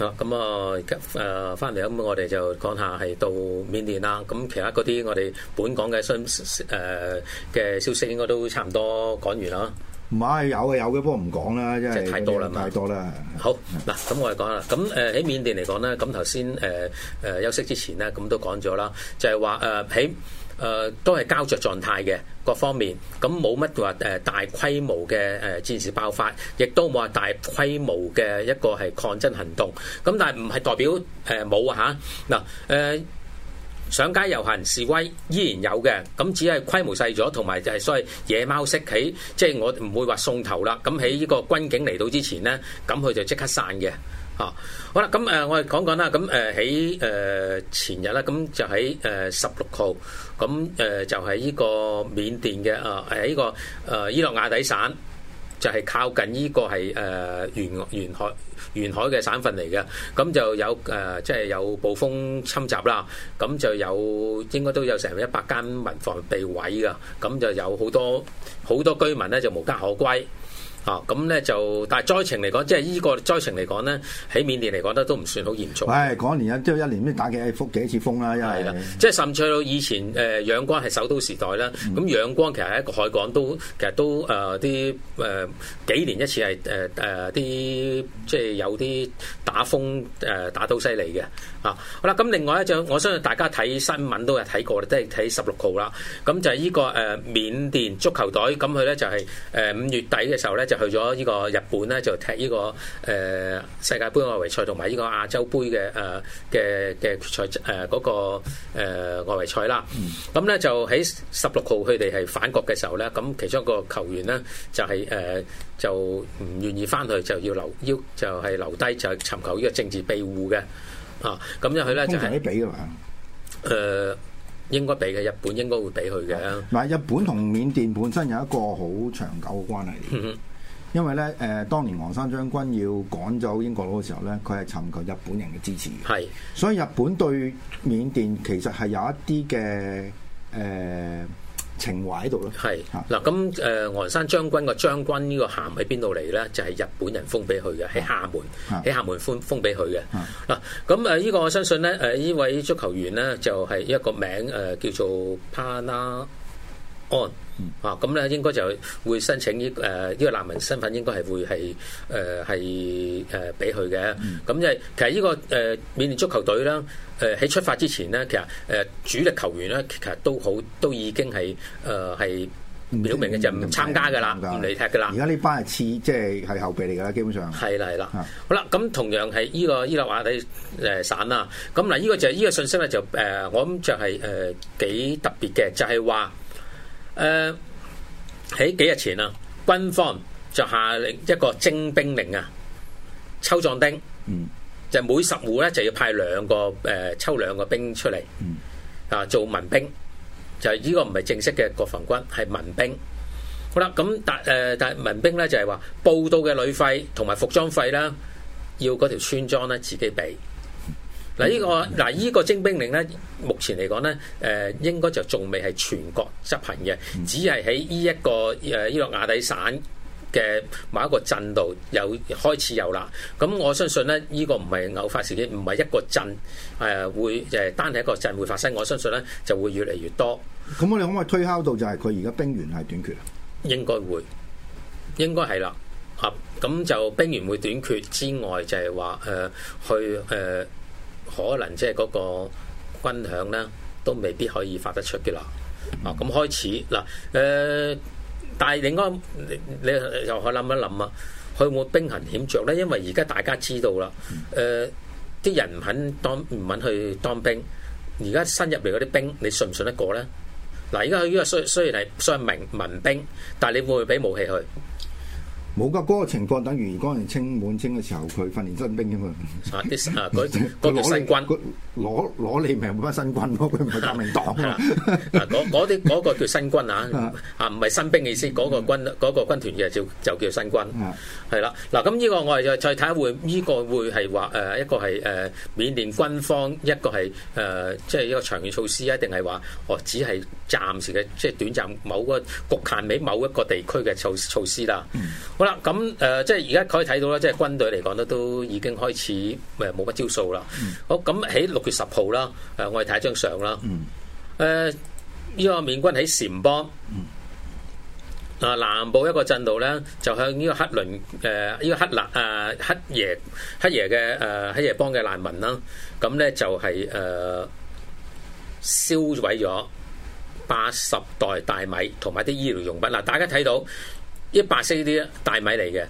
好咁啊！誒翻嚟咁，我哋就講下係到緬甸啦。咁其他嗰啲我哋本港嘅新誒嘅消息應該都差唔多講完啦。唔係，有嘅有嘅，不過唔講啦，即係太多啦。就係、太多啦。好嗱，咁我哋講啦。咁誒喺緬甸嚟講咧，咁頭先誒誒休息之前咧，咁都講咗啦，就係話誒喺。誒、呃、都係膠着狀態嘅，各方面，咁冇乜話大規模嘅誒戰事爆發，亦都冇話大規模嘅一個係抗爭行動。咁但係唔係代表冇啊？嗱、呃呃、上街遊行示威依然有嘅，咁只係規模細咗，同埋就係所謂野貓式起，即、就、係、是、我唔會話送頭啦。咁喺呢個軍警嚟到之前呢，咁佢就即刻散嘅。啊，好啦，咁誒、呃，我哋講講啦，咁誒喺誒前日啦，咁就喺誒十六號，咁、呃、誒、呃、就係、是、呢個緬甸嘅啊，喺、呃、呢、這個誒、呃、伊洛瓦底省，就係、是、靠近呢個係誒沿沿海沿海嘅省份嚟嘅，咁就有誒即係有暴風侵襲啦，咁就有應該都有成一百間民房被毀噶，咁就有好多好多居民咧就無家可歸。哦，咁咧就，但係災情嚟講，即係依個災情嚟講咧，喺緬甸嚟講都唔算好嚴重。唉，講年有即係一年，都打,打幾次風、啦，次風啦？因為即係甚至到以前誒、呃、仰光係首都時代啦，咁、嗯、仰光其實係一個海港都，都其實都誒啲誒幾年一次係誒啲，即係有啲打風誒、呃、打到犀利嘅。啊，好啦，咁另外一張，我相信大家睇新聞都有睇過啦，即係睇十六號啦。咁就係呢、這個誒、呃、緬甸足球隊，咁佢咧就係誒五月底嘅時候咧，就去咗呢個日本咧，就踢呢、這個誒、呃、世界盃外圍賽同埋呢個亞洲盃嘅誒嘅嘅決賽誒嗰個、呃、外圍賽啦。咁咧就喺十六號佢哋係返國嘅時候咧，咁其中一個球員咧就係、是、誒、呃、就唔願意返去，就要留要就係留低，就係、是就是、尋求呢個政治庇護嘅。啊！咁佢咧即係，通常都俾噶嘛。誒、呃，應該俾嘅，日本應該會俾佢嘅。嗱、嗯，日本同緬甸本身有一個好長久嘅關係。嗯、因為咧誒、呃，當年昂山將軍要趕走英國佬嘅時候咧，佢係尋求日本人嘅支持嘅。係，所以日本對緬甸其實係有一啲嘅誒、呃情懷喺度咯，係嗱咁誒，昂、嗯呃、山將軍個將軍個哪裡呢個銜喺邊度嚟咧？就係、是、日本人封俾佢嘅，喺廈門，喺廈門封封俾佢嘅。嗱咁誒，依、嗯這個我相信咧，誒、呃、依位足球員咧就係、是、一個名誒叫做 Pana。啊，咁咧應該就會申請呢誒呢個難民身份，應該係會係誒係誒俾佢嘅。咁即係其實呢、這個誒緬甸足球隊啦，喺、呃、出發之前咧，其實、呃、主力球員咧，其實都好都已經係、呃、表明嘅，就唔、是、參加嘅啦，唔嚟踢嘅啦。而家呢班係次即係係後備嚟㗎啦，基本上係啦係啦。好啦，咁同樣係呢、這個伊、這個話題、呃、散啦。咁嗱，呢個就係、是、呢、這個信息咧，就、呃、我諗就係、是呃、幾特別嘅，就係、是、話。誒，喺幾日前啊，軍方就下令一個徵兵令啊，抽壯丁，嗯，就是、每十戶咧就要派兩個誒、呃，抽兩個兵出嚟、嗯，啊做民兵，就係呢個唔係正式嘅國防軍，係民兵。好啦，咁但誒、呃、但係民兵咧就係話，報到嘅旅費同埋服裝費啦，要嗰條村莊咧自己俾。嗱、這個、呢、這個嗱依個徵兵令咧，目前嚟講咧，誒、呃、應該就仲未係全國執行嘅，只係喺呢一個誒伊拉克底省嘅某一個鎮度有開始有啦。咁我相信咧，呢、這個唔係偶發事件，唔係一個鎮誒、呃、會誒、就是、單係一個鎮會發生。我相信咧，就會越嚟越多。咁我哋可唔可以推敲到就係佢而家兵源係短缺？應該會，應該係啦。啊，咁就兵源會短缺之外就是說，就係話誒去誒。呃可能即係嗰個軍餉咧，都未必可以發得出嘅啦。啊，咁開始嗱，誒，但係另外你又可諗一諗啊，佢有冇兵行險著咧？因為而家大家知道啦，誒啲人唔肯當唔肯去當兵，而家新入嚟嗰啲兵，你信唔信得過咧？嗱，而家佢呢個雖雖然係算係民民兵，但係你會唔會俾武器佢？冇噶，嗰、那個情況等於嗰陣清滿清嘅時候，佢訓練新兵嘅嘛。啲啊，嗰個叫新軍、啊，攞攞你命、啊。換翻新軍咯。佢唔係革命黨啊。係嗰啲個叫新軍啊，啊唔係、啊、新兵嘅意思。嗰、那個嗯那個軍團嘅就叫就叫新軍。係、啊、啦，嗱咁呢個我哋就再睇下會，呢、這個會係話一個係誒緬甸軍方，一個係即係一個長遠措施啊，定係話哦只係暫時嘅，即、就、係、是、短暫某個局限喺某一個地區嘅措措施啦、啊。嗯。好啦，咁誒，即係而家可以睇到啦，即係軍隊嚟講咧，都已經開始誒冇乜招數啦、嗯。好咁，喺六月十號啦，誒，我哋睇一張相啦。誒、嗯，呢、呃、個緬軍喺禪邦啊、嗯、南部一個鎮度咧，就向呢個克倫誒，呢個克納啊，克爺克爺嘅誒，克爺邦嘅難民啦，咁咧就係、是、誒、呃、燒毀咗八十袋大米同埋啲醫療用品。嗱、呃，大家睇到。一白色呢啲大米嚟嘅，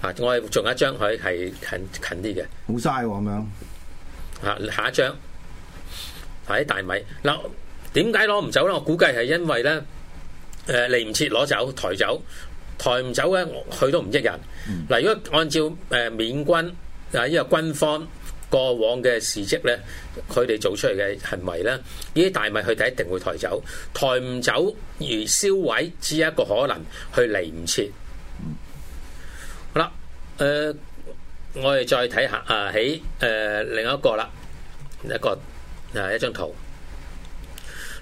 啊，我仲有一張佢係近近啲嘅，冇嘥咁樣，下一張，喺大米嗱，點解攞唔走咧？我估計係因為咧，誒嚟唔切攞走，抬走，抬唔走呢，佢都唔益人。嗱、嗯，如果按照誒緬、呃、軍啊、呢、這個軍方。過往嘅事跡咧，佢哋做出嚟嘅行為咧，呢啲大米佢哋一定會抬走，抬唔走而銷毀只有一個可能，佢嚟唔切。好啦，誒、呃，我哋再睇下啊，喺誒、呃、另一個啦，一個啊一張圖。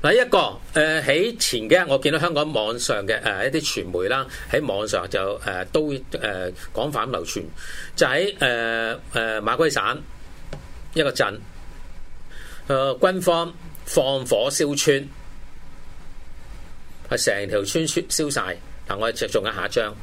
嗱、啊，一個誒喺、呃、前幾日，我見到香港網上嘅誒、呃、一啲傳媒啦，喺網上就誒、呃、都誒廣泛流傳，就喺誒誒馬圭省。一個鎮，誒、呃，軍方放火燒村，係成條村村燒晒。嗱，我哋着仲一下一張，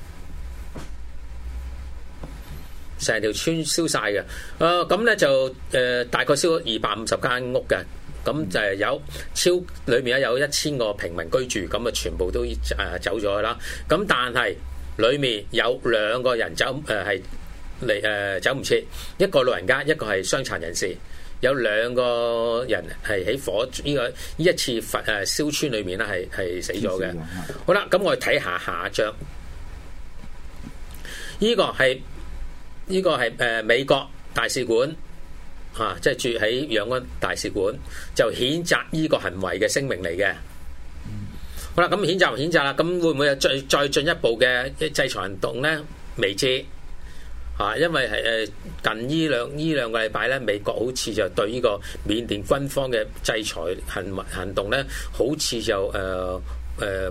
成條村燒晒嘅。誒、呃，咁咧就誒、呃，大概燒咗二百五十間屋嘅。咁就有超裏面咧有一千個平民居住，咁啊全部都誒走咗去啦。咁但係裏面有兩個人走誒係。呃嚟誒走唔切，一個老人家，一個係傷殘人士，有兩個人係喺火呢個依一次焚誒燒村裏面啦，係係死咗嘅、啊。好啦，咁我哋睇下下一張，呢、呢個係依、呢個係誒、呃、美國大使館嚇，即、啊、係、就是、住喺仰光大使館，就譴責呢個行為嘅聲明嚟嘅、嗯。好啦，咁譴責譴責啦，咁會唔會又再再進一步嘅制裁行動咧？未知。因為近呢兩呢兩個禮拜咧，美國好似就對呢個緬甸軍方嘅制裁行動行動咧，好似就誒誒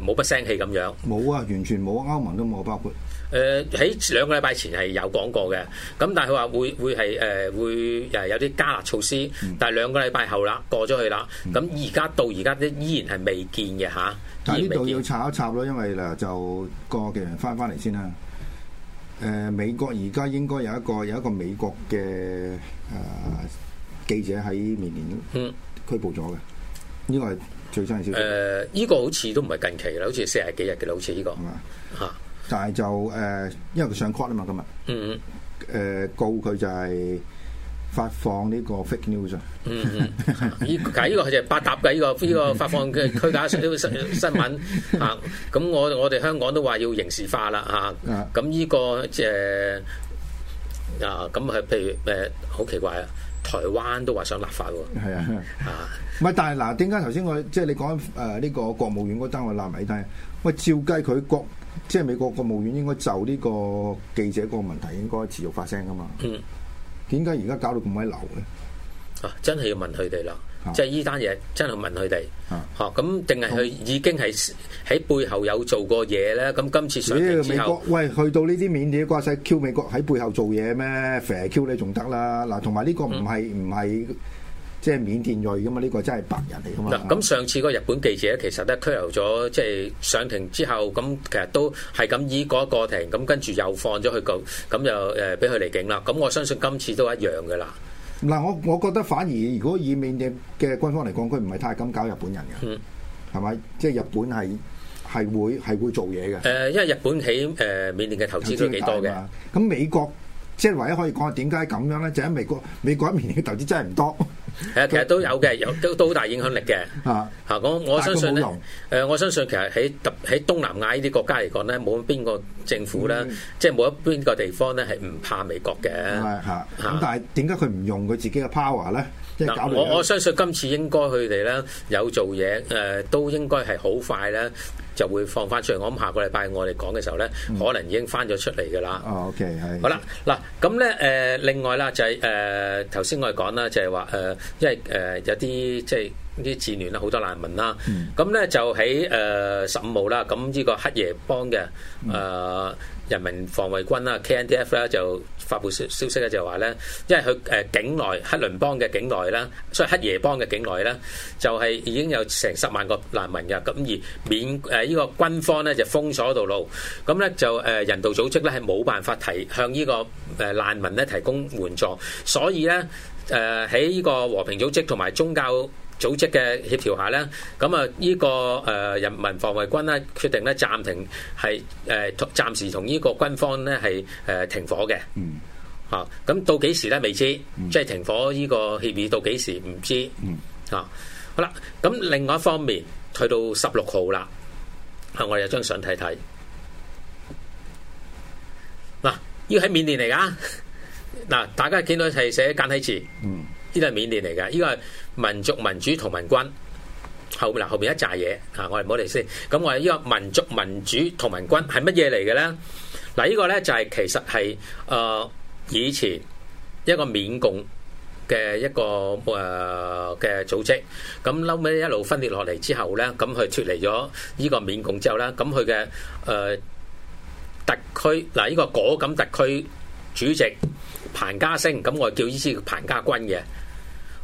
冇乜聲氣咁樣。冇啊，完全冇，歐盟都冇，包括誒、呃、喺兩個禮拜前係有講過嘅，咁但係佢話會有啲加壓措施，但係兩個禮拜後啦，過咗去啦，咁而家到而家都依然係未見嘅嚇。呢、嗯、度要插一插咯，因為嗱就過幾人翻翻嚟先啦。誒、呃、美國而家應該有一個有一個美國嘅誒、呃、記者喺緬甸拘捕咗嘅，呢、嗯，這個係最新嘅消息、呃。誒、這、呢個好似都唔係近期啦，好似四十幾日嘅啦，好似呢、這個嚇、嗯啊。但係就誒、呃，因為佢上 court 啊嘛，今日嗯誒告佢就係、是。發放呢個 fake news 啊、嗯，嗯嗯， 這個係八、這個、搭嘅，呢、這個依、這個發放嘅虛假新新新聞，咁我我哋香港都話要刑事化啦啊，咁呢、這個即係啊，咁、呃、係譬如誒，好、呃、奇怪啊，台灣都話想立法喎，係啊，啊，唔係但係嗱，點解頭先我即係你講誒呢個國務院嗰單位立埋低，喂，照計佢國即係、就是、美國國務院應該就呢個記者個問題應該持續發聲噶嘛，嗯。點解而家搞到咁鬼流咧？啊，真係要問佢哋啦，即係呢單嘢真係問佢哋。啊，咁定係佢已經係喺背後有做過嘢咧？咁今次主要美國，喂，去到呢啲緬甸瓜晒 Q 美國喺背後做嘢咩？肥 Q 你仲得啦？嗱，同埋呢個唔係唔係。即係緬甸裔噶嘛？呢個真係白人嚟噶嘛？嗱，咁上次個日本記者其實咧拘留咗，即係上庭之後，咁其實都係咁依個個庭，咁跟住又放咗佢個，咁又誒俾佢離境啦。咁我相信今次都一樣噶啦。嗱，我我覺得反而如果以緬甸嘅軍方嚟講，佢唔係太敢搞日本人嘅，嗯，係咪？即係日本係係會係會做嘢嘅。誒，因為日本喺誒緬甸嘅投資都幾多嘅，咁美國即係唯一可以講點解咁樣咧，就喺美國美國喺緬甸嘅投資真係唔多。係啊，其實都有嘅，有都都好大影響力嘅。嚇、啊、嚇，我我相信咧，誒、呃，我相信其實喺特喺東南亞呢啲國家嚟講咧，冇邊個政府咧、嗯，即係冇一邊個地方咧係唔怕美國嘅。咁、啊啊、但係點解佢唔用佢自己嘅 power 咧、啊？我我相信今次應該佢哋咧有做嘢，誒、呃，都應該係好快咧。就會放翻出嚟，我諗下個禮拜我哋講嘅時候咧、嗯，可能已經翻咗出嚟嘅啦。哦，OK，係。Okay，好啦，嗱咁咧誒，另外啦就係誒頭先我哋講啦，就係話誒，因為誒、呃、有啲即係啲戰亂啦，好多難民啦。咁、嗯、咧就喺誒十五號啦，咁呢個克耶邦嘅誒人民防衛軍啦、嗯、KNDF 啦就。發布消消息咧，就係話咧，因為佢誒境內克倫邦嘅境內啦，所以克耶邦嘅境內咧，就係已經有成十萬個難民㗎。咁而緬誒依個軍方咧就封鎖道路，咁咧就誒人道組織咧係冇辦法提向依個誒難民咧提供援助，所以咧誒喺依個和平組織同埋宗教。組織嘅協調下咧，咁啊呢個人民防衛軍咧決定咧暫停係誒暫時同呢個軍方咧係停火嘅。嗯，咁到幾時咧未知，嗯、即係停火呢個協議到幾時唔知。嗯，好啦，咁另外一方面，去到十六號啦，嚇，我哋有張相睇睇。嗱，依喺緬甸嚟噶，嗱，大家見到係寫簡體字。嗯。呢個係緬甸嚟嘅，呢個係民族民主同盟軍。後嗱後邊一揸嘢嚇，我哋唔好嚟先。咁我哋呢個民族民主同盟軍係乜嘢嚟嘅咧？嗱，呢個咧就係其實係誒以前一個緬共嘅一個誒嘅組織。咁後屘一路分裂落嚟之後咧，咁佢脱離咗呢個緬共之後咧，咁佢嘅誒特區嗱，呢個果敢特區主席彭家聲，咁我叫依支彭家軍嘅。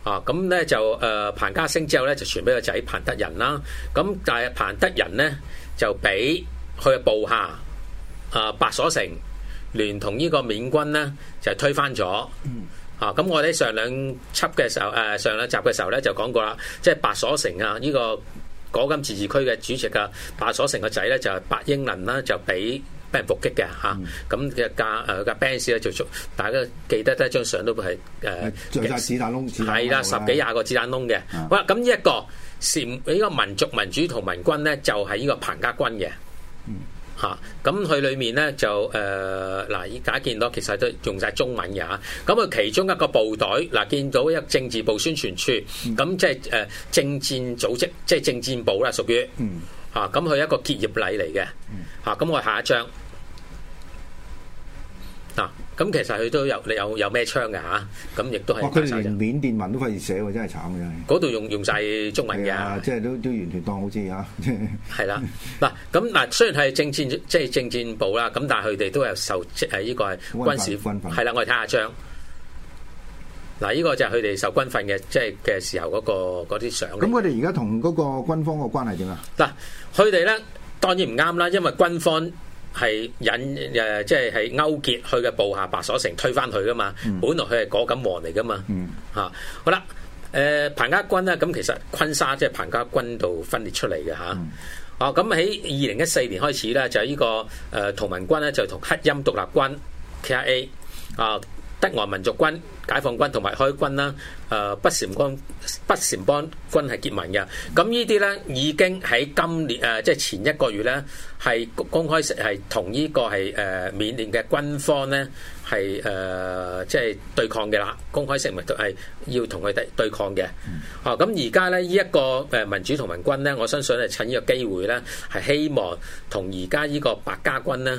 啊，咁咧就誒、呃、彭家聲之後咧就傳俾個仔彭德仁啦。咁但係彭德仁咧就俾佢嘅部下啊白所成聯同呢個緬軍咧就推翻咗。啊，咁我哋上兩輯嘅時候誒上兩集嘅時候咧、呃、就講過啦，即、就、係、是、白所成啊呢、這個果敢自治區嘅主席啊白所成嘅仔咧就係、是、白英林啦、啊，就俾，被人伏擊嘅嚇，咁嘅架誒架兵士咧就大家記得咧張相都係誒，攢、呃、子彈窿，係啦，十幾廿個子彈窿嘅。好、啊、啦，咁呢一個是呢、這個民族民主同盟軍咧，就係、是、呢個彭家軍嘅嚇。咁佢裏面咧就誒嗱，而、呃、家見到其實都用晒中文嘅嚇。咁、啊、佢其中一個部隊嗱、啊，見到一個政治部宣傳處，咁即係誒政戰組織，即、就、係、是、政戰部啦，屬於。嗯。啊，咁佢係一個結業禮嚟嘅，啊，咁我下一張嗱，咁其實佢都有有有咩槍嘅吓，咁亦都係佢哋用緬甸文都費事寫喎，真係慘嘅，嗰度用用晒中文噶，即係都都完全當好似吓，係啦，嗱，咁嗱，雖然係政戰即係政戰部啦，咁但係佢哋都係受誒呢個係軍事訓訓係啦，我哋睇下張嗱，呢個就係佢哋受軍訓嘅即係嘅時候嗰個嗰啲相，咁佢哋而家同嗰個軍方個關係點啊？嗱。佢哋咧當然唔啱啦，因為軍方係引誒即係係勾結佢嘅部下白所成推翻佢噶嘛。嗯，本來佢係果敢王嚟噶嘛，嚇、嗯啊、好啦，誒、呃、彭家軍咧，咁其實坤沙即係彭家軍度分裂出嚟嘅吓，啊咁喺二零一四年開始咧就係、這個呃、呢個誒同盟軍咧就同克欽獨立軍 KIA 啊。德昂民族軍、解放軍同埋開軍啦，誒北撣邦北撣邦軍係結盟嘅，咁呢啲咧已經喺今年誒即係前一個月咧係公開係同呢個係誒緬甸嘅軍方咧係誒即係對抗嘅啦，公開聲明係要同佢對對抗嘅。哦，咁而家咧呢一個誒民主同盟軍咧，我相信係趁呢個機會咧係希望同而家呢個白家軍咧。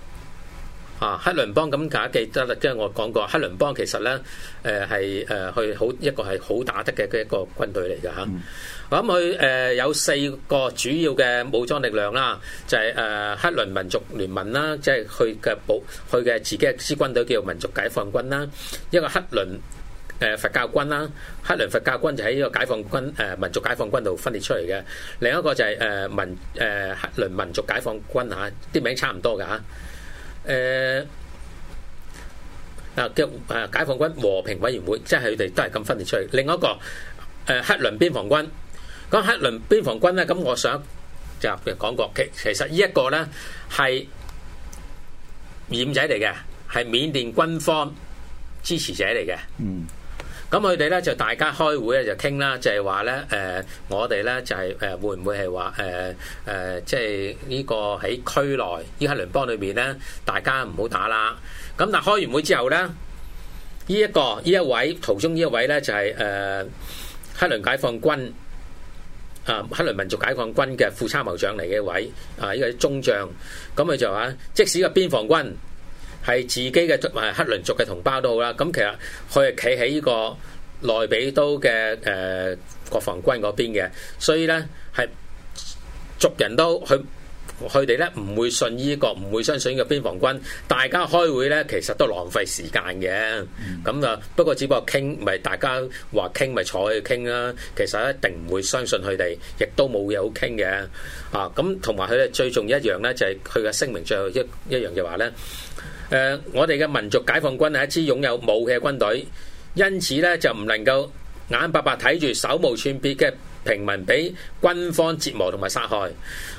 啊，克倫邦咁大家記得啦，即係我講過，克倫邦其實咧，誒係誒佢好一個係好打得嘅一個軍隊嚟嘅嚇。咁佢誒有四個主要嘅武裝力量啦，就係誒克倫民族聯盟啦，即係佢嘅保，佢嘅自己一支軍隊叫民族解放軍啦，一個克倫誒、呃、佛教軍啦，克倫佛教軍就喺呢個解放軍誒、呃、民族解放軍度分裂出嚟嘅，另一個就係、是、誒、呃、民誒克、呃、倫民族解放軍嚇，啲、啊、名字差唔多嘅嚇。啊誒，啊嘅誒，解放軍和平委員會，即係佢哋都係咁分裂出去。另一個誒，克倫邊防軍，咁克倫邊防軍咧，咁我想就講過，其其實呢一個咧係染仔嚟嘅，係緬甸軍方支持者嚟嘅。嗯。咁佢哋咧就大家開會咧就傾啦，就係話咧我哋咧就係、是、誒、呃、會唔會係話即係呢個喺區內黑裡呢克倫邦裏面咧，大家唔好打啦。咁但開完會之後咧，呢、這、一個呢一位途中呢一位咧就係、是、誒、呃、克倫解放軍啊，克倫民族解放軍嘅副參謀長嚟嘅位啊，呢個中將。咁佢就話，即使個邊防軍。係自己嘅，克倫族嘅同胞都好啦。咁其實佢係企喺依個內比都嘅誒國防軍嗰邊嘅，所以咧係族人都佢佢哋咧唔會信依個，唔會相信依個邊防軍。大家開會咧，其實都浪費時間嘅。咁啊，不過只不過傾，咪大家話傾咪坐去傾啦。其實一定唔會相信佢哋，亦都冇嘢好傾嘅。啊，咁同埋佢哋最重要一樣咧，就係佢嘅聲明最後一一樣嘅話咧。誒，我哋嘅民族解放軍係一支擁有武器嘅軍隊，因此咧就唔能夠眼白白睇住手無寸鐵嘅平民俾軍方折磨同埋殺害。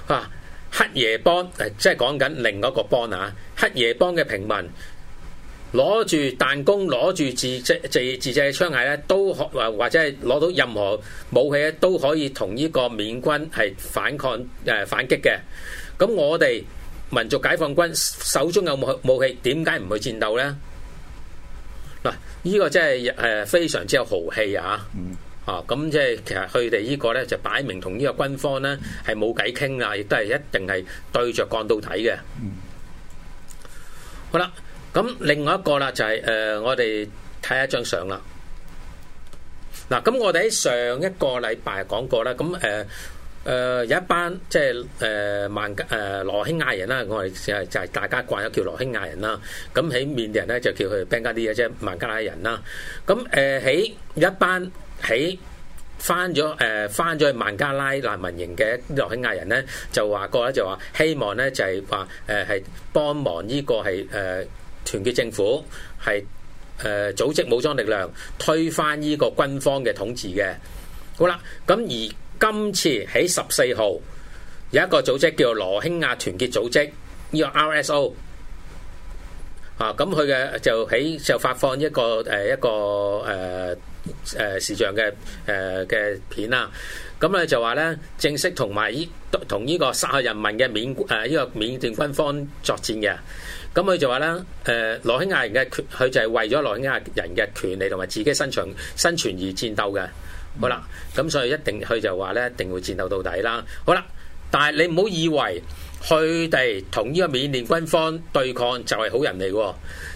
啊，黑耶幫誒，即係講緊另一個幫啊，黑耶幫嘅平民攞住彈弓、攞住自製自自製槍械咧，都或或者係攞到任何武器咧，都可以同呢個緬軍係反抗誒反擊嘅。咁我哋。民族解放軍手中有武武器，點解唔去戰鬥呢？嗱，呢個真係誒非常之有豪氣啊！啊，咁即係其實佢哋呢個呢就擺明同呢個軍方呢係冇偈傾啊，亦都係一定係對着幹到底嘅。好啦，咁另外一個啦就係誒，我哋睇一張相啦。嗱，咁我哋喺上一個禮拜講過啦，咁誒。誒有一班即係誒孟加誒羅興亞人啦，我哋就係大家慣咗叫羅興亞人啦。咁喺緬甸人咧就叫佢班加啲啊，即係孟加拉人啦。咁誒喺一班喺翻咗誒翻咗去孟加拉難民營嘅羅興亞人咧，就話過咧就話希望咧就係話誒係幫忙呢個係誒團結政府，係誒組織武裝力量推翻呢個軍方嘅統治嘅。好啦，咁而。今次喺十四號有一個組織叫羅興亞團結組織，呢個 RSO 啊，咁佢嘅就喺就發放一個誒一個誒誒視像嘅誒嘅片啦。咁咧就話咧正式同埋依同呢個殺害人民嘅緬誒呢個緬甸軍方作戰嘅。咁佢就話咧誒羅興亞人嘅權，佢就係為咗羅興亞人嘅權利同埋自己生存生存而戰鬥嘅。好啦，咁所以一定佢就話呢，一定會戰鬥到底啦。好啦，但係你唔好以為佢哋同呢個緬甸軍方對抗就係好人嚟嘅。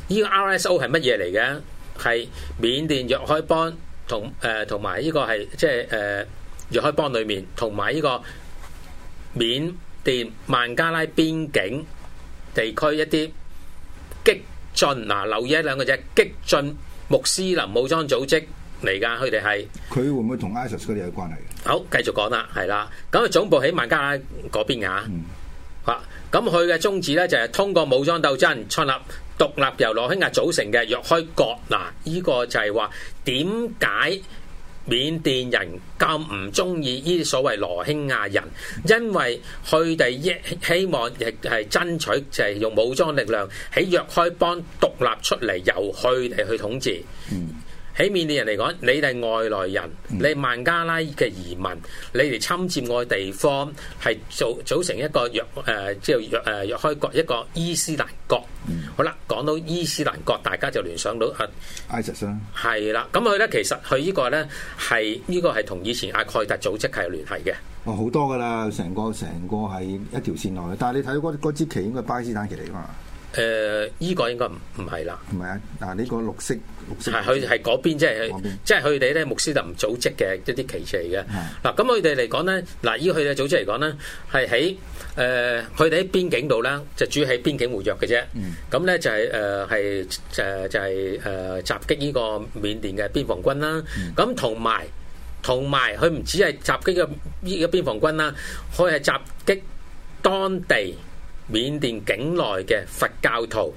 呢個 RSO 係乜嘢嚟嘅？係緬甸若開邦同同埋呢個係即係誒若開邦裏面同埋呢個緬甸孟加拉邊境地區一啲激進嗱、呃，留意一兩個隻激進穆斯林武裝組織。嚟噶，佢哋係佢會唔會同 ISIS 佢哋有關係？好，繼續講啦，係啦，咁佢總部喺孟加拉嗰邊噶吓，咁佢嘅宗旨咧就係通過武裝鬥爭創立獨立，由羅興亞組成嘅若開國。嗱，呢個就係話點解緬甸人咁唔中意呢啲所謂羅興亞人？因為佢哋亦希望亦係爭取就係用武裝力量喺若開邦獨立出嚟由佢哋去統治。嗯。喺緬甸嘅人嚟講，你哋係外來人，你係孟加拉嘅移民，嗯、你哋侵佔我嘅地方，係組組成一個約誒，之後約誒若開國一個伊斯蘭國，嗯。好啦，講到伊斯蘭國，大家就聯想到 ISIS 啊，ISIS。係啦，咁佢咧其實佢呢係、呢個咧係呢個係同以前阿蓋特組織係有聯繫嘅。哦，好多㗎啦，成個成個係一條線內嘅。但係你睇嗰支旗應該係巴基斯坦旗嚟㗎嘛。誒，依個應該唔唔係啦。唔係啊，嗱，呢個綠色綠色，係佢係嗰邊，即係即係佢哋咧穆斯林組織嘅一啲旗嚟嘅。嗱，咁佢哋嚟講咧，嗱依佢哋嘅組織嚟講咧，係喺誒佢哋喺邊境度咧，就主要喺邊境活躍嘅啫。咁咧就係誒係誒就係誒襲擊依個緬甸嘅邊防軍啦。咁同埋同埋佢唔止係襲擊嘅依個邊防軍啦，佢係襲擊當地。緬甸境內嘅佛教徒，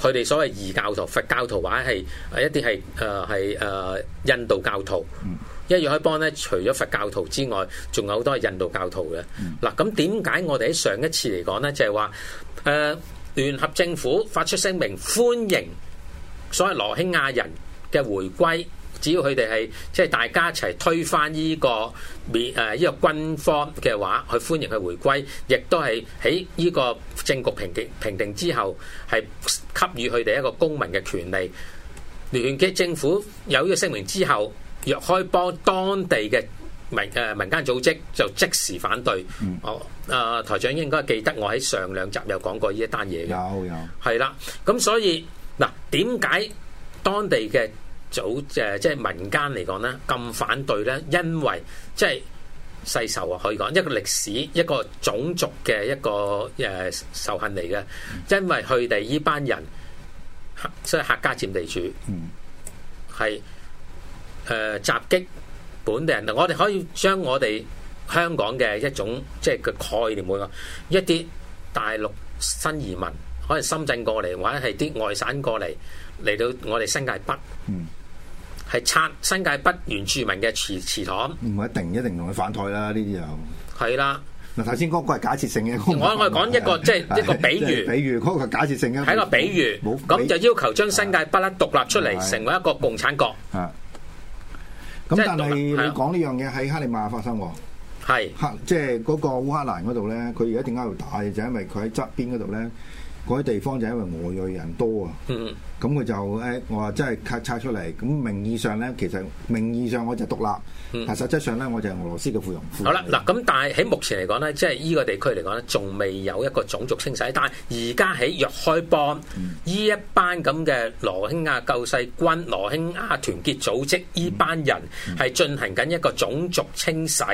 佢哋所謂異教徒，佛教徒或者係誒一啲係誒係誒印度教徒。一若開邦咧，除咗佛教徒之外，仲有好多係印度教徒嘅。嗱，咁點解我哋喺上一次嚟講咧，就係話誒聯合政府發出聲明，歡迎所謂羅興亞人嘅回歸。只要佢哋係即係大家一齊推翻呢個緬誒呢個軍方嘅話，去歡迎佢回歸，亦都係喺呢個政局評定評定之後，係給予佢哋一個公民嘅權利。聯結政府有呢個聲明之後，若開邦當地嘅民誒民間組織就即時反對。我誒台長應該記得我喺上兩集有講過呢單嘢嘅，有有，係啦。咁所以嗱，點解當地嘅？早誒，即係民間嚟講咧，咁反對咧，因為即係世仇啊，可以講一個歷史、一個種族嘅一個誒、呃、仇恨嚟嘅，因為佢哋依班人客，即係客家佔地主，係誒、呃、襲擊本地人。我哋可以將我哋香港嘅一種即係個概念，會講一啲大陸新移民，可能深圳過嚟，或者係啲外省過嚟。嚟到我哋新界北，嗯，係拆新界北原住民嘅祠祠堂。唔一定，一定同佢反台啦，呢啲又係啦。嗱、啊，頭先嗰個係假設性嘅，我我講一個即係、啊就是、一個比喻。比喻嗰個假設性嘅，係一個比喻。咁、那個啊、就要求將新界北咧獨立出嚟、啊，成為一個共產國。啊！咁、啊就是啊、但係你講呢樣嘢喺克里米亞發生的？係、啊，即係嗰個烏克蘭嗰度咧，佢而家點解要打？就是、在為因為佢喺側邊嗰度咧。嗰啲地方就因為俄裔人多啊，咁、嗯、佢就、欸、我話真係咔嚓出嚟，咁名義上咧，其實名義上我就獨立、嗯，但實際上咧我就係俄羅斯嘅附庸。好啦，嗱，咁但係喺目前嚟講咧，即係依個地區嚟講咧，仲未有一個種族清洗，但係而家喺若開邦呢一班咁嘅羅興亞救世軍、羅興亞團結組織依、嗯、班人係進行緊一個種族清洗。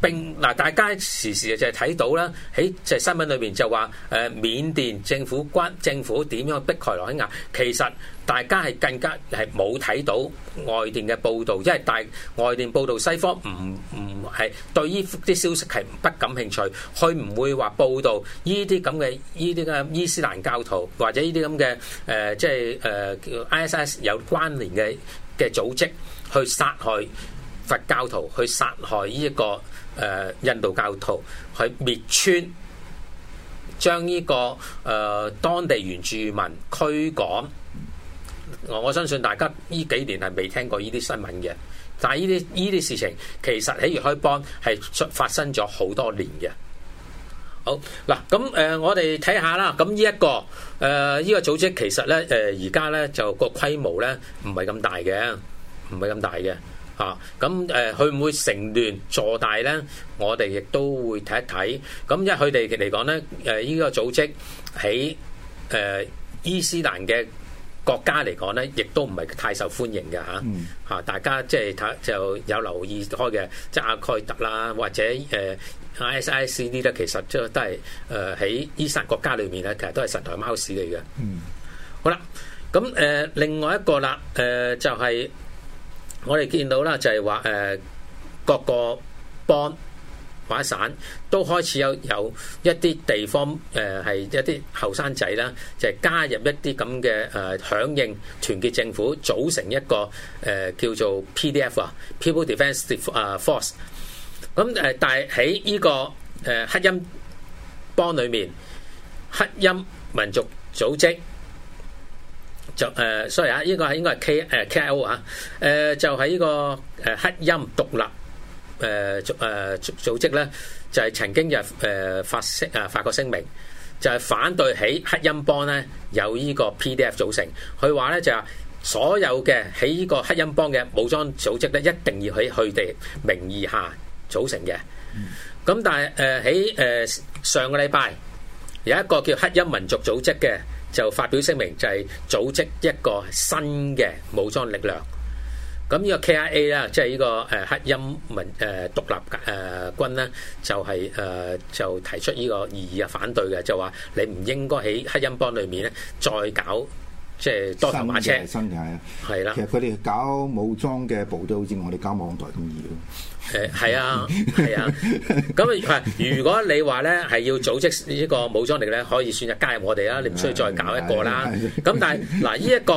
並嗱，大家時時就係睇到啦，喺即係新聞裏邊就話誒，緬甸政府關政府點樣逼害羅興亞。其實大家係更加係冇睇到外電嘅報導，因為大外電報導西方唔唔係對於啲消息係不感興趣，佢唔會話報導呢啲咁嘅呢啲嘅伊斯蘭教徒或者呢啲咁嘅誒即係誒叫 ISIS 有關連嘅嘅組織去殺害佛教徒，去殺害呢一個。誒印度教徒去滅村，將呢、呢個誒、呃、當地原住民驅趕。我我相信大家呢幾年係未聽過呢啲新聞嘅，但係呢啲呢啲事情其實喺若開邦係出發生咗好多年嘅。好嗱，咁誒、呃、我哋睇下啦，咁呢一個誒呢、呃呢個組織其實咧誒而家咧就個規模咧唔係咁大嘅，唔係咁大嘅。啊，咁誒，佢會唔會成亂坐大咧？我哋亦都會睇一睇。咁因為佢哋嚟講咧，誒呢個組織喺誒伊斯蘭嘅國家嚟講咧，亦都唔係太受歡迎嘅嚇。嚇大家即係睇就有留意開嘅，即係阿蓋特啦，或者誒 ISICD 咧，其實即係都係誒喺伊斯蘭國家裏面咧，其實都係神台貓屎嚟嘅。嗯。好啦，咁誒另外一個啦，誒就係。我哋見到啦，就係話誒，各個邦或者省都開始有有一啲地方誒，係一啲後生仔啦，就係加入一啲咁嘅誒，響應團結政府，組成一個誒叫做 PDF 啊，People Defence 誒 Force。咁誒，但係喺呢個誒黑音邦裏面，黑音民族組織。就誒，sorry 啊，依個係應該係 K 誒 KIO 嚇，誒就係依個誒克欽獨立誒組誒組織咧，就係曾經就誒發聲啊發過聲明，就係反對喺克欽邦咧有依個 PDF 組成，佢話咧就係所有嘅喺依個克欽邦嘅武裝組織咧，一定要喺佢哋名義下組成嘅。咁但係誒喺誒上個禮拜有一個叫克欽民族組織嘅。就發表聲明，就係組織一個新嘅武裝力量。咁呢個 KIA 啦，即係呢個誒克欽民誒獨立誒軍咧，就係誒就提出呢個異議啊，反對嘅就話你唔應該喺克欽邦裏面咧再搞即係多頭馬車。新嘅係啊，係啦，其實佢哋搞武裝嘅部隊，好似我哋搞網台咁易咯。誒係啊，係啊，咁啊，如果你話咧係要組織呢個武裝力咧，可以選擇加入我哋啦，你唔需要再搞一個啦。咁 但係、呢、嗱、個，呢一個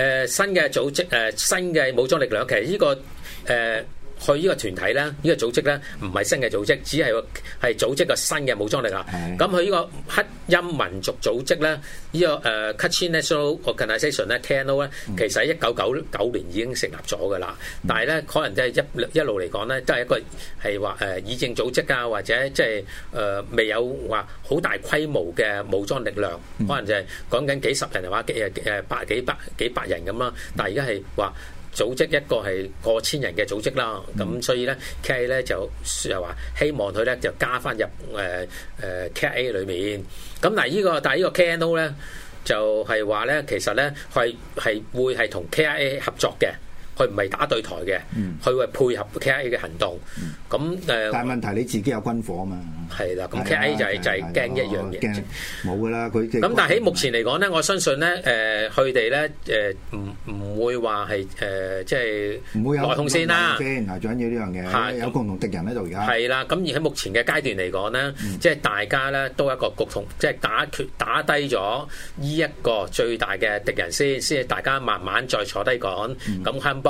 誒新嘅組織誒、呃、新嘅武裝力量，其實呢、呢個誒。呃去呢個團體咧，呢、這個組織咧，唔係新嘅組織，只係係組織個新嘅武裝力量。咁佢呢個黑陰民族組織咧，這個呃、National Organization, 呢個誒 Kachin National Organization 咧，Tano 咧，其實一九九九年已經成立咗噶啦。但係咧，可能即係一一路嚟講咧，都係一個係話誒議政組織啊，或者即係誒未有話好大規模嘅武裝力量，可能就係講緊幾十人啊，幾誒百幾，幾百幾百人咁啦。但係而家係話。組織一個係過千人嘅組織啦，咁所以咧，KIA 咧，就又話希望佢咧，就加返入誒誒 KIA 裏面。咁嗱，依個但係依個 KNO 咧，就係話咧，其實咧係係會係同 KIA 合作嘅。佢唔係打對台嘅，佢會配合 KIA 嘅行動。咁誒，但係問題你自己有軍火啊嘛？係啦，咁 KIA 就係就係驚一樣嘢，冇㗎啦。佢咁但係喺目前嚟講咧，我相信咧誒，佢哋咧誒唔唔會話係誒，即係唔會有內訌先啦。先係最緊要呢樣嘢，有共同敵人喺度而家。係啦，咁而喺目前嘅階段嚟講咧，即係大家咧都有一個共同，即係打打低咗呢一個最大嘅敵人先，先係大家慢慢再坐低講。咁肯博。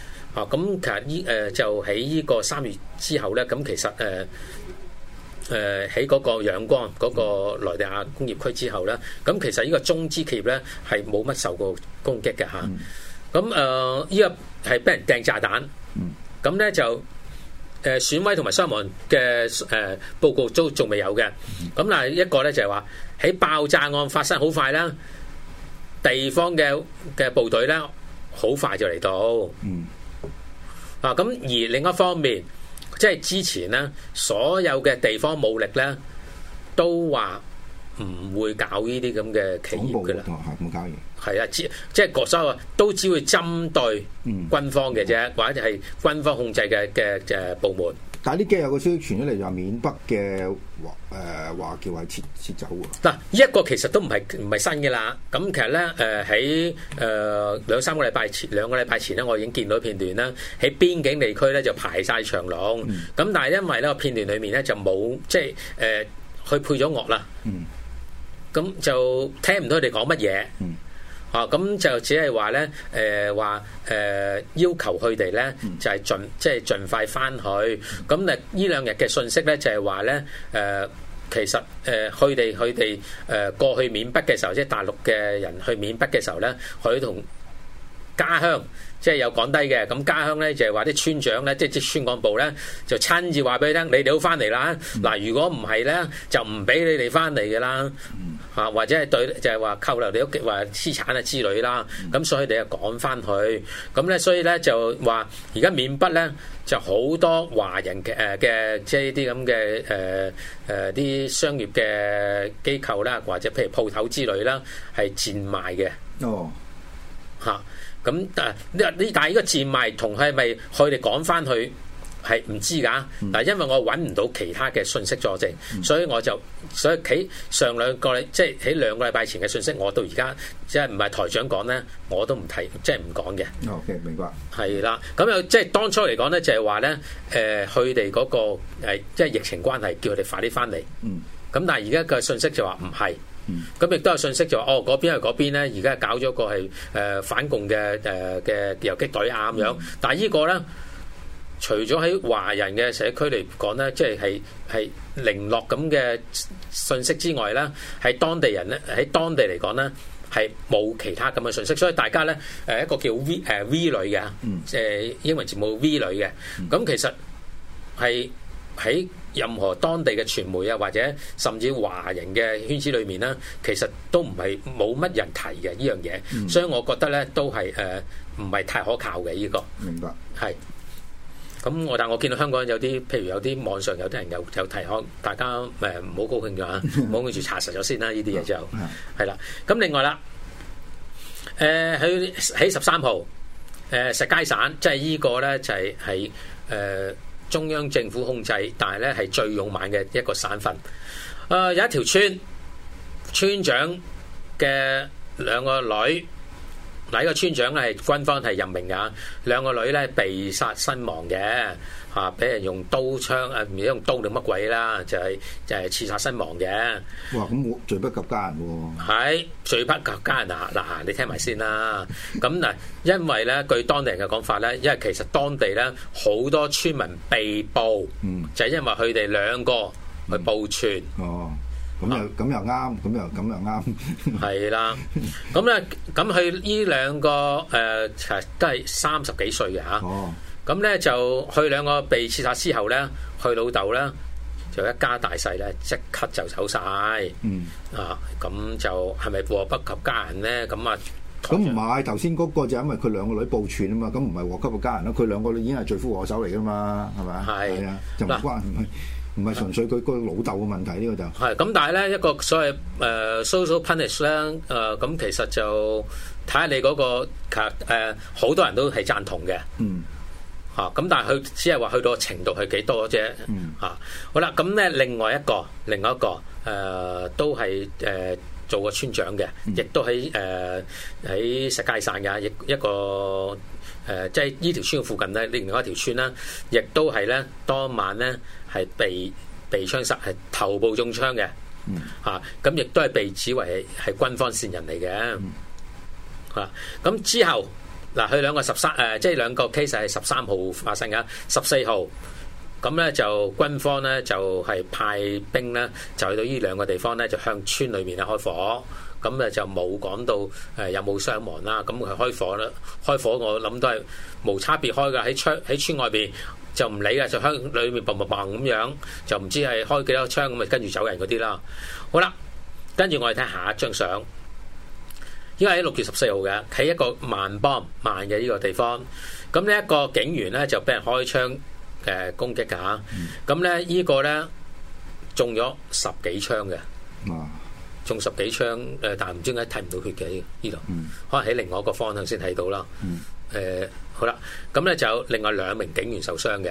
哦、啊，咁其實依誒、呃、就喺呢個三月之後咧，咁其實誒誒喺嗰個仰光嗰、那個萊迪亞工業區之後咧，咁其實呢個中資企業咧係冇乜受過攻擊嘅嚇。咁誒依個係俾人掟炸彈，咁、嗯、咧就誒、呃、損毀同埋傷亡嘅誒、呃、報告都仲未有嘅。咁但係一個咧就係話喺爆炸案發生好快啦，地方嘅嘅部隊咧好快就嚟到。嗯。啊！咁而另一方面，即係之前咧，所有嘅地方武力咧，都話唔會搞呢啲咁嘅企業嘅啦。恐怖活動嚇冇搞嘢。係啊，即即係國收啊，都只會針對軍方嘅啫，或者係軍方控制嘅嘅嘅部門。但係呢幾日有個消息傳出嚟就、呃、話緬北嘅華誒華僑係撤撤走嗱，呢一個其實都唔係唔係新嘅啦。咁其實咧，誒喺誒兩三個禮拜前兩個禮拜前咧，我已經見到片段啦。喺邊境地區咧就排晒長龍。咁、嗯、但係因為呢個片段裏面咧就冇即係誒、呃、去配咗樂啦。嗯。咁就聽唔到佢哋講乜嘢。嗯啊，咁就只係話咧，誒、呃呃、要求佢哋咧，就係、是、盡即、就是、快翻去。咁呢呢兩日嘅信息咧，就係話咧，其實佢哋佢哋誒過去緬北嘅時候，即、就、係、是、大陸嘅人去緬北嘅時候咧，佢同家鄉即係、就是、有講低嘅。咁家鄉咧就係話啲村長咧，即係即係村幹部咧，就親自話俾佢聽：你哋都翻嚟啦！嗱、啊，如果唔係咧，就唔俾你哋翻嚟㗎啦。啊、就是，或者係對，就係話扣留你屋企，話私產啊之類啦。咁所以你又趕翻去。咁咧，所以咧就話，而家緬甸咧就好多華人嘅誒嘅，即係呢啲咁嘅誒誒啲商業嘅機構啦，或者譬如店鋪頭之類啦，係賤賣嘅。哦。嚇！咁啊，你話呢？但係呢個賤賣同係咪佢哋趕翻去？係唔知噶，但係，因為我揾唔到其他嘅信息佐證，嗯，所以我就所以企上兩個禮即係喺兩個禮拜前嘅信息，我到而家即係唔係台長講咧，我都唔提，即係唔講嘅。OK，明白。係啦，咁又即係當初嚟講咧，就係話咧，誒、呃，佢哋嗰個即係、即係、疫情關係叫，叫佢哋快啲翻嚟。咁但係而家嘅信息就話唔係。咁、嗯、亦都有信息就話，哦，嗰邊係嗰邊咧，而家搞咗個係誒、呃、反共嘅誒嘅遊擊隊啊咁樣。但係呢個咧。除咗喺華人嘅社區嚟講咧，即係係係零落咁嘅信息之外咧，喺當地人咧喺當地嚟講咧，係冇其他咁嘅信息，所以大家咧誒一個叫 V 誒 V 女嘅，即、嗯、係英文字母 V 女嘅，咁其實係喺任何當地嘅傳媒啊，或者甚至華人嘅圈子裡面咧，其實都唔係冇乜人提嘅呢樣嘢，所以我覺得咧都係誒唔係太可靠嘅呢、呢個，明白係。咁我但係我見到香港有啲，譬如有啲網上有啲人有有提，大家誒唔好高興㗎嚇，唔 好高興住查實咗先啦、啊，呢啲嘢就係啦。咁另外啦，誒佢喺十三號誒、呃、石階省，即係呢個咧就係喺誒中央政府控制，但係咧係最勇猛嘅一個省份。誒、呃、有一條村，村長嘅兩個女。嗱，呢個村長咧係軍方係任命嘅，兩個女咧被殺身亡嘅，嚇、啊、俾人用刀槍誒，唔、啊、知用刀定乜鬼啦，就係、是、就係、是、刺殺身亡嘅。哇！咁我罪不及家人喎、哦。罪不及家人啊！嗱、 啊，你聽埋先啦。咁、嗯、嗱， 因為咧據當地人嘅講法咧，因為其實當地咧好多村民被捕，嗯、就係、是、因為佢哋兩個去報串。嗯哦。咁又咁、啊、又啱，咁又咁又啱。係 啦，咁咧，咁佢呢兩個誒，其實都係三十幾歲嘅吓。哦，咁咧就佢兩個被刺殺之後咧，佢老豆咧就一家大細咧即刻就走晒。嗯啊，咁就係咪禍不及家人咧？咁啊，咁唔係頭先嗰個就因為佢兩個女報串啊嘛，咁唔係禍及個家人咯。佢兩個女已經係罪魁禍首嚟噶嘛，係咪係啊，就唔係純粹佢個老豆嘅問題，呢個就係咁。但係咧一個所謂誒、呃、social punishment 誒咁、呃，其實就睇下你嗰、那個其實誒好、呃、多人都係贊同嘅，嗯嚇、啊、咁，但係佢只係話去到程度係幾多啫，嗯嚇、啊、好啦，咁咧另外一個，另外一個誒、呃、都係誒、呃、做過村長嘅，亦、嗯、都喺誒喺石界散嘅一一個。誒、呃，即係呢條村嘅附近咧，另外一條村咧，亦都係咧當晚咧係被被槍殺，係頭部中槍嘅，嚇咁亦都係被指為係軍方線人嚟嘅，嚇、啊、咁之後嗱，佢、啊、兩個十三誒、呃，即係兩個 case 係十三號發生㗎，十四號。咁咧就軍方咧就係派兵咧，就去到依兩個地方咧，就向村裏面啊開火。咁啊就冇講到誒有冇傷亡啦。咁佢開火啦，開火我諗都係冇差別開噶。喺村喺村外邊就唔理噶，就向裏面砰砰砰咁樣，就唔知係開幾多槍咁啊，跟住走人嗰啲啦。好啦，跟住我哋睇下一張相，應該喺六月十四號嘅喺一個萬邦萬嘅依個地方。咁呢一個警員咧就俾人開槍。誒、啊，攻擊噶吓，咁、這、咧、個、呢個咧中咗十幾槍嘅，中十幾槍誒、呃，但係唔知點解睇唔到血嘅呢呢度，可能喺另外一個方向先睇到啦。誒、嗯呃，好啦，咁咧就另外兩名警員受傷嘅，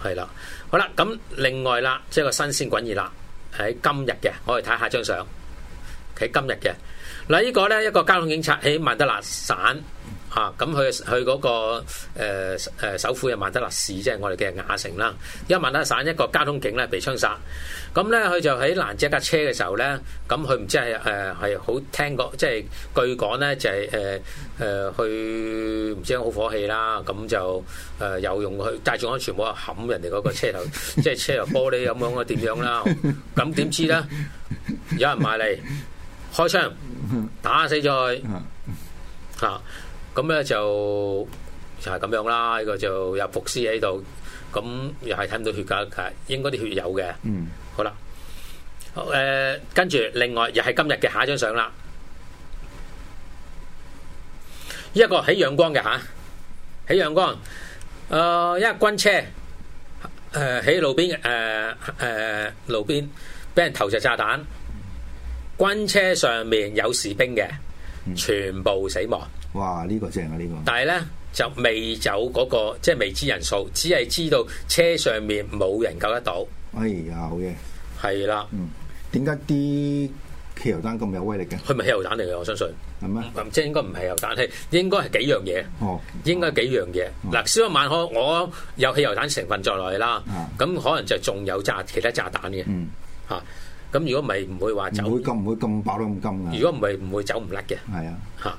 係、嗯、啦，好啦，咁另外啦，即、就、係、是、個新鮮滾熱辣喺今日嘅，我哋睇下一張相，喺今日嘅嗱，這個、呢個咧一個交通警察喺曼德勒省。啊！咁佢佢嗰個誒、呃、首府嘅曼德勒市，即係我哋嘅瓦城啦。因曼德省一個交通警咧被槍殺，咁咧佢就喺攔住架車嘅時候咧，咁佢唔知係誒係好聽講，即係據講咧就係誒誒去唔知好火器啦，咁就誒又用去戴住安全帽冚人哋嗰個車頭， 即係車頭玻璃咁樣啊點樣啦。咁點知咧有人埋嚟開槍打死咗佢啊！咁咧就就係咁樣啦，呢個就有伏屍喺度，咁又係睇唔到血噶，係應該啲血有嘅。嗯，好啦，好誒，跟住另外又係今日嘅下一張相啦。依一個喺陽光嘅吓，喺陽光，誒，因為軍車，誒喺路邊嘅，誒誒，路邊俾人投着炸彈，軍車上面有士兵嘅，全部死亡。哇！呢、這個正啊，呢、這個。但係咧就未走嗰、那個，即、就、係、是、未知人數，只係知道車上面冇人救得到。哎呀，好嘢，係啦。嗯。點解啲汽油彈咁有威力嘅？佢咪汽油彈嚟嘅，我相信。係咩？咁即係應該唔係油彈，係應該係幾樣嘢、哦。哦。應該是幾樣嘢。嗱、哦，燒一晚可我有汽油彈成分在內啦。咁、啊、可能就仲有炸其他炸彈嘅。嗯。咁如果唔係唔會話走。唔會咁唔會咁飽金金㗎。如果唔係唔會走唔甩嘅。係啊。嚇！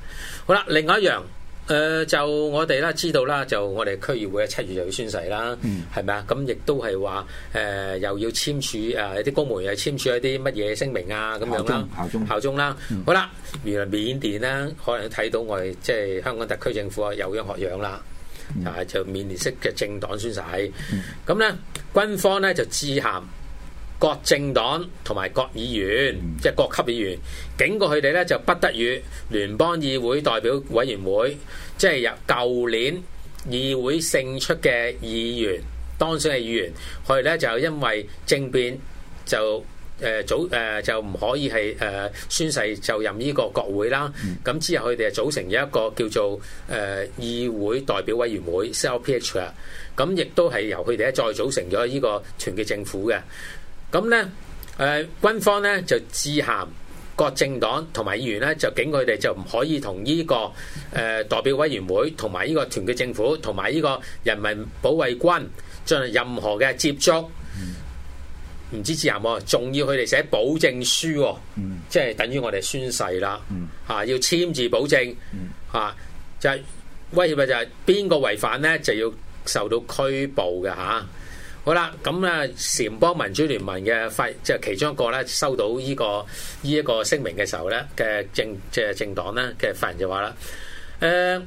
好啦，另外一樣，誒就我哋啦知道啦，就我哋區議會喺七月就要宣誓啦，係咪啊？咁亦都係話誒又要簽署誒一啲公務員又簽署一啲乜嘢聲明啊，咁樣啦，效忠效忠啦、嗯。好啦，原來緬甸啦，可能睇到我哋即係香港特區政府啊有樣學樣啦，就、嗯、係、啊、就緬甸式嘅政黨宣誓，咁、嗯、咧軍方咧就致函。各政黨同埋各議員，即係各級議員，警告佢哋咧就不得與聯邦議會代表委員會，即係由舊年議會勝出嘅議員，當選嘅議員，佢哋咧就因為政變就誒組誒就唔可以係誒宣誓就任呢個國會啦。咁之後佢哋就組成咗一個叫做誒、呃、議會代表委員會 （CLPH） 啊。咁亦都係由佢哋一再組成咗呢個團結政府嘅。咁咧，誒、呃、軍方咧就致函各政黨同埋議員咧，就警佢哋就唔可以同呢、這個誒、呃、代表委員會同埋呢個團結政府同埋呢個人民保衞軍進行任何嘅接觸。唔、嗯、知致函、哦，仲要佢哋寫保證書、哦嗯，即係等於我哋宣誓啦、嗯。啊，要簽字保證。啊，就係、是、威脅嘅就係邊個違反咧，就要受到拘捕嘅嚇。啊。好啦，咁咧，撣邦民主聯盟嘅發言，即係其中一個咧，收到呢、這個呢一、這個聲明嘅時候咧嘅政即係政黨咧嘅發言人就話啦，呢、呃、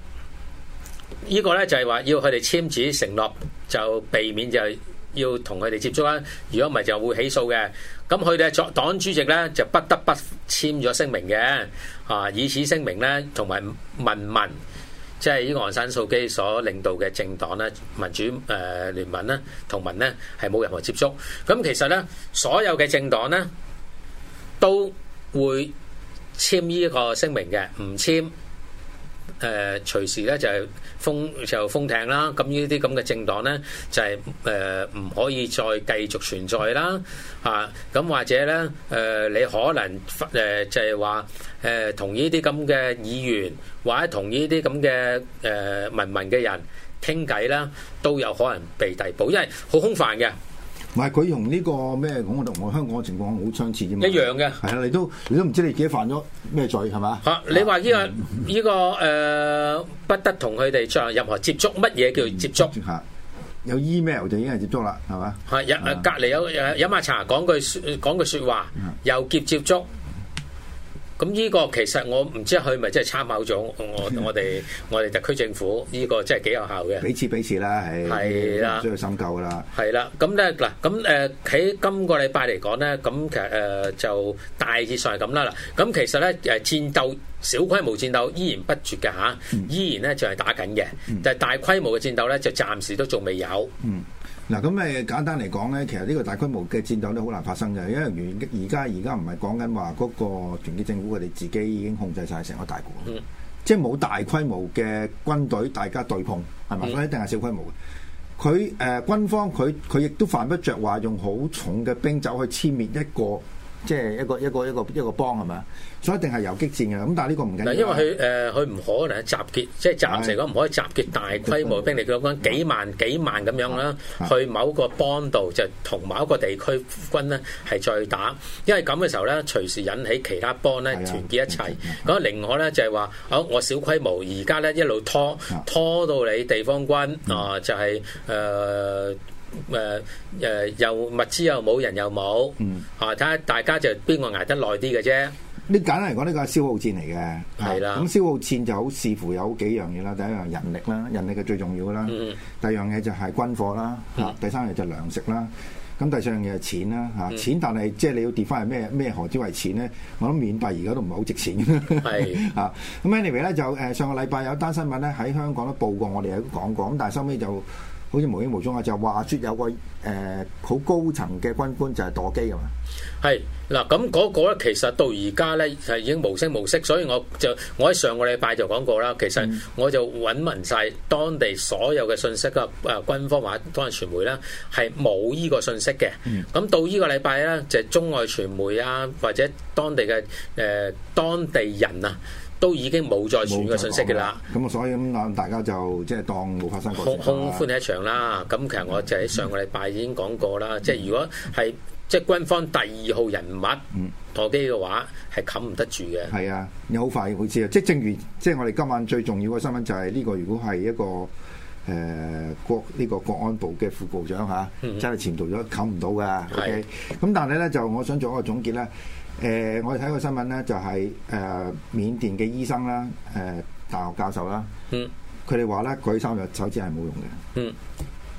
依、這個咧就係話要佢哋簽字承諾，就避免就要同佢哋接觸啦，如果唔係就會起訴嘅。咁佢哋作黨主席咧就不得不簽咗聲明嘅，啊，以此聲明咧同埋問問。即係依個昂山素姬所領導嘅政黨咧，民主誒聯盟咧同民咧係冇任何接觸。咁其實咧，所有嘅政黨咧都會簽呢個聲明嘅，唔簽。誒、呃、隨時咧就封就封停啦，咁呢啲咁嘅政黨咧就係、是、唔、呃、可以再繼續存在啦，咁、啊啊、或者咧誒、呃、你可能、呃、就係、是、話、呃、同呢啲咁嘅議員或者同、呃、民民呢啲咁嘅誒文民嘅人傾偈啦，都有可能被逮捕，因為好空泛嘅。唔係佢用呢個咩，咁我同我香港嘅情況好相似嘅，一樣嘅。係啊，你都你都唔知你自己犯咗咩罪係嘛？嚇、啊！你話呢、這個依、 這個誒、呃、不得同佢哋進行任何接觸，乜嘢叫接觸？嗯、接、啊、有 email 就已經係接觸啦，係嘛？係、啊，入誒隔離有飲下、啊啊、茶講句講句説話，又叫接觸。咁呢個其實我唔知佢咪真係參考咗我 我哋我哋特區政府呢、呢個真係幾有效嘅。彼此彼此啦，係。係啦。都要深究㗎啦。係啦，咁咧嗱，咁喺、呃、今個禮拜嚟講咧，咁其實誒就大致上係咁啦啦咁其實咧誒，戰鬥小規模戰鬥依然不絕嘅、啊、依然咧就係打緊嘅、嗯，但係大規模嘅戰鬥咧就暫時都仲未有。嗯嗱咁誒簡單嚟講咧，其實呢個大規模嘅戰鬥都好難發生嘅，因為原而家而家唔係講緊話嗰個團結政府佢哋自己已經控制晒成個大局，mm. 即係冇大規模嘅軍隊大家對碰係咪？所以、mm. 一定係小規模嘅。佢誒、呃、軍方佢佢亦都犯不着話用好重嘅兵走去殲滅一個。即係一個一個一個一個幫係嘛？所以一定係游擊戰嘅咁，但係呢個唔緊要。嗱，因為佢誒佢唔可能集結，即係暫時講唔可以集結大規模兵力，講緊幾萬幾萬咁樣啦。去某個幫度就同某一個地區軍呢係再打，因為咁嘅時候咧，隨時引起其他幫咧團結一齊。咁另外咧就係、是、話，好、哦、我小規模，而家咧一路拖拖到你地方軍是是啊，就係、是、誒。呃誒、呃、誒、呃，又物資又冇，人又冇，嗯，吓睇下大家就邊個捱得耐啲嘅啫。你簡單嚟講，呢、這個係消耗戰嚟嘅，係啦。咁消耗戰就好視乎有幾樣嘢啦。第一樣人力啦，人力嘅最重要噶啦、嗯。第二樣嘢就係軍火啦，吓、嗯。第三樣嘢就糧食啦。咁、嗯、第四樣嘢係錢啦，吓、嗯。錢但係即係你要跌翻係咩咩何止係錢咧？我諗緬幣而家都唔係好值錢。係。吓 咁，Anyway 咧就誒，上個禮拜有單新聞咧喺香港都報過，我哋都講過，咁但係收尾就。好似無影無蹤啊！就話說有個誒好、呃、高層嘅軍官就係墮機啊嘛～係嗱，咁嗰個咧，其實到而家咧係已經無聲無息，所以我就我喺上個禮拜就講過啦。其實我就揾問晒當地所有嘅信息啦，誒、啊、軍方或者當地傳媒啦，係冇呢個信息嘅。咁、嗯、到呢個禮拜咧，就係、中外傳媒啊，或者當地嘅誒、呃、當地人啊，都已經冇再傳個信息嘅啦。咁啊，所以咁大家就即係、就係、當冇發生過。空歡喜一場啦。咁其實我就喺上個禮拜已經講過啦、嗯。即係如果係即係軍方第二號人物，陀、嗯、機嘅話係冚唔得住嘅。係啊，你好快會知啊！即係正如即係我哋今晚最重要嘅新聞就係、是、呢、這個、個，如果係一個誒國呢個國安部嘅副部長吓、啊嗯，真係潛逃咗冚唔到噶。咁，是 okay? 但係咧就我想做一個總結咧。誒、呃，我哋睇個新聞咧就係、是、誒、呃、緬甸嘅醫生啦、誒、呃、大學教授啦，嗯，佢哋話咧，舉三日手指係冇用嘅，嗯，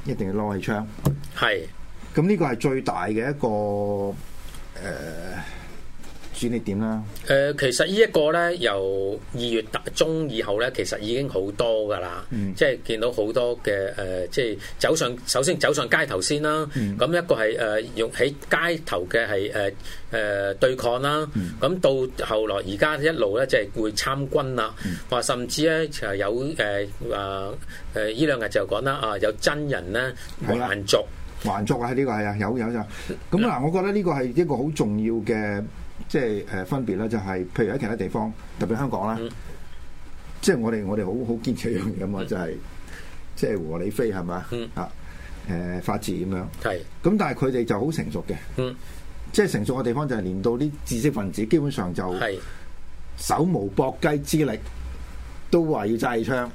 一定要攞起槍，係。咁呢個係最大嘅一個誒轉捩點啦。誒、呃呃，其實呢個呢一個咧，由二月中以後咧，其實已經好多㗎啦、嗯。即係見到好多嘅誒、呃，即係走上首先走上街頭先啦。嗯，咁一個係誒、呃、用喺街頭嘅係誒誒對抗啦。嗯，咁到後來而家一路咧，即、就、係、係、會參軍啦。嗯，話甚至咧誒有誒誒誒呢兩日就講啦啊，有真人咧扮族。環作啊！呢、這個係啊，有有就咁嗱，我覺得呢個係一個好重要嘅即係誒分別啦，就係、是呃就是、譬如喺其他地方，特別香港啦，即係我哋我哋好好堅持一樣嘢咁啊，就係即係和理非係咪？啊？誒法治咁樣，係咁，但係佢哋就好成熟嘅，嗯，即係、嗯就是就是嗯呃、成熟嘅、嗯、地方就係連到啲知識分子基本上就手無縛雞之力。都話要揸起槍，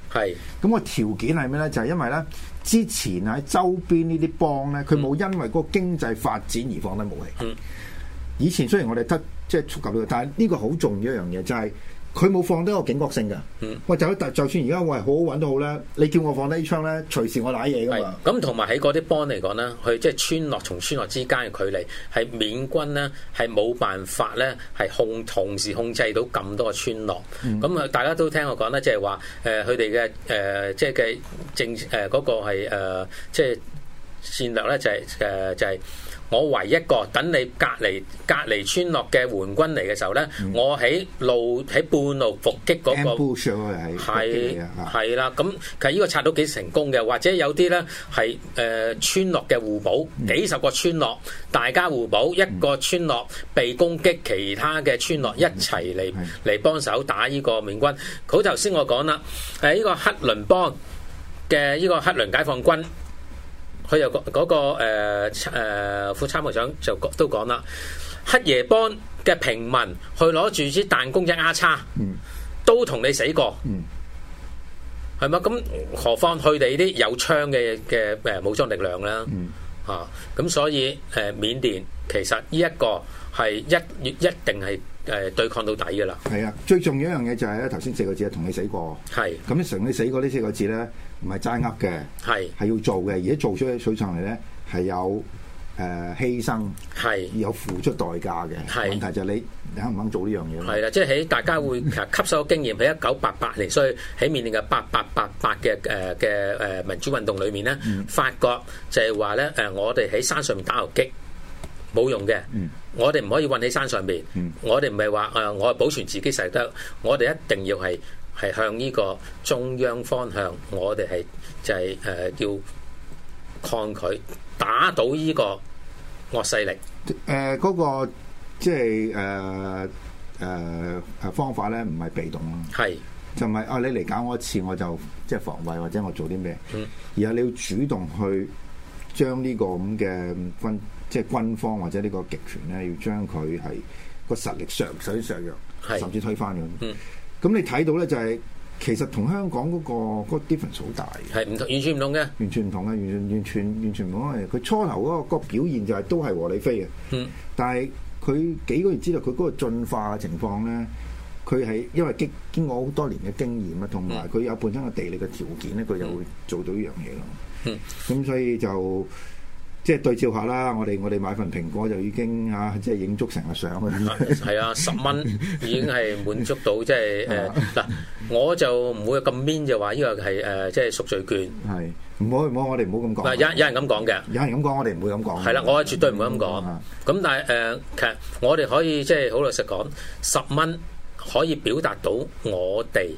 咁個條件係咩咧？就係、是、因為咧，之前喺周邊呢啲邦咧，佢冇因為嗰個經濟發展而放低武器。嗯，以前雖然我哋得即係觸及到，但係呢個好重要一樣嘢就係、是。佢冇放低個警覺性嘅，喂、嗯，就就算而家我係好好揾都好咧，你叫我放低槍咧，隨時我瀨嘢噶嘛。咁同埋喺嗰啲邦嚟講咧，佢即係村落同村落之間嘅距離，係緬軍咧係冇辦法咧係控同時控制到咁多個村落。咁、嗯、啊，大家都聽我講咧、就是呃呃，即係話誒佢哋嘅誒即係嘅政誒嗰個係即係戰略咧，就係、是、誒、呃、就係、是。我唯一個，等你隔離隔離村落嘅援軍嚟嘅時候咧，我喺路喺半路伏擊嗰個，係係啦。咁其實呢個拆到幾成功嘅，或者有啲咧係誒村落嘅互補，幾十個村落大家互補，一個村落被攻擊，其他嘅村落一齊嚟嚟幫手打呢個緬軍。好頭先我講啦，係呢個克倫邦嘅呢個克倫解放軍。佢又嗰嗰個誒誒副參謀長就講都講啦，克耶邦嘅平民去攞住支彈弓、支丫叉，都同你死過，係嘛？咁何況佢哋啲有槍嘅嘅誒武裝力量啦，嚇咁所以誒緬甸其實呢一個係一一一定係誒對抗到底噶啦。係啊，最重要一樣嘢就係咧頭先四個字，係同你死過。係咁，同你死過呢四個字咧。唔係齋呃嘅，係係要做嘅，而家做出嚟水準嚟咧，係有誒犧牲，係有付出代價嘅問題就係你，你肯唔肯做呢樣嘢咧？係啦，即係喺大家會吸收經驗喺一九八八年，所以喺面臨嘅八八八八嘅誒嘅誒民主運動裏面咧，發、嗯、覺就係話咧誒，我哋喺山上面打游擊冇用嘅、嗯，我哋唔可以困喺山上邊、嗯，我哋唔係話誒我係保存自己使得，我哋一定要係。係向呢個中央方向，我哋係就係誒要抗拒打倒呢個惡勢力。誒、呃、嗰、那個即係誒誒誒方法咧，唔係被動咯。係就唔係啊！你嚟搞我一次，我就即係防衞或者我做啲咩？嗯。而係你要主動去將呢個咁嘅軍即係軍方或者呢個極權咧，要將佢係個實力上水削弱，甚至推翻咁。嗯。咁你睇到咧，就係、是、其實同香港嗰、那個嗰、那個 difference 好大嘅，係唔同，完全唔同嘅，完全唔同嘅，完全完全完全唔同嘅。佢初頭嗰、那個那個表現就係都係和理非嘅，嗯，但係佢幾個月之後，佢嗰個進化嘅情況咧，佢係因為經經過好多年嘅經驗啊，同埋佢有本身嘅地理嘅條件咧，佢就會做到呢樣嘢咯。嗯，咁所以就。即係對照下啦，我哋我哋買份蘋果就已經嚇、啊，即係影足成個相啊！係啊，十蚊已經係滿足到即係誒嗱，我就唔會咁 mean 的話、這個呃、就話呢個係誒即係贖罪券。係唔好唔好，我哋唔好咁講。有有人咁講嘅，有人咁講，我哋唔會咁講。係啦、啊，我絕對唔會咁講。咁、啊、但係誒、呃，其實我哋可以即係好老實講，十蚊可以表達到我哋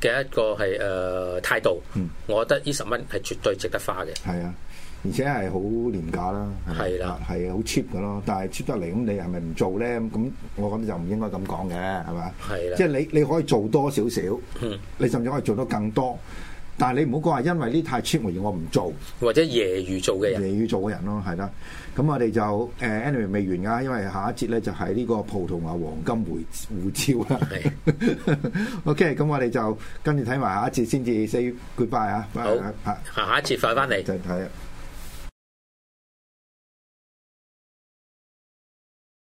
嘅一個係誒、呃、態度、嗯。我覺得呢十蚊係絕對值得花嘅。係啊。而且係好廉價啦，係啦，係好 cheap 㗎咯。但係 cheap 得嚟，咁你係咪唔做咧？咁我覺得就唔應該咁講嘅，係咪？係啦。即係你你可以做多少少，嗯、你甚至可以做到更多。但係你唔好講係因為呢太 cheap 而我唔做，或者夜餘做嘅人，夜餘做嘅人咯，係啦。咁我哋就 anyway 未完㗎，因為下一節咧就係呢個葡萄牙黃金回護照啦。 OK，咁我哋就跟住睇埋下一節先至 say goodbye 啊。好，下下一節快翻嚟、啊、就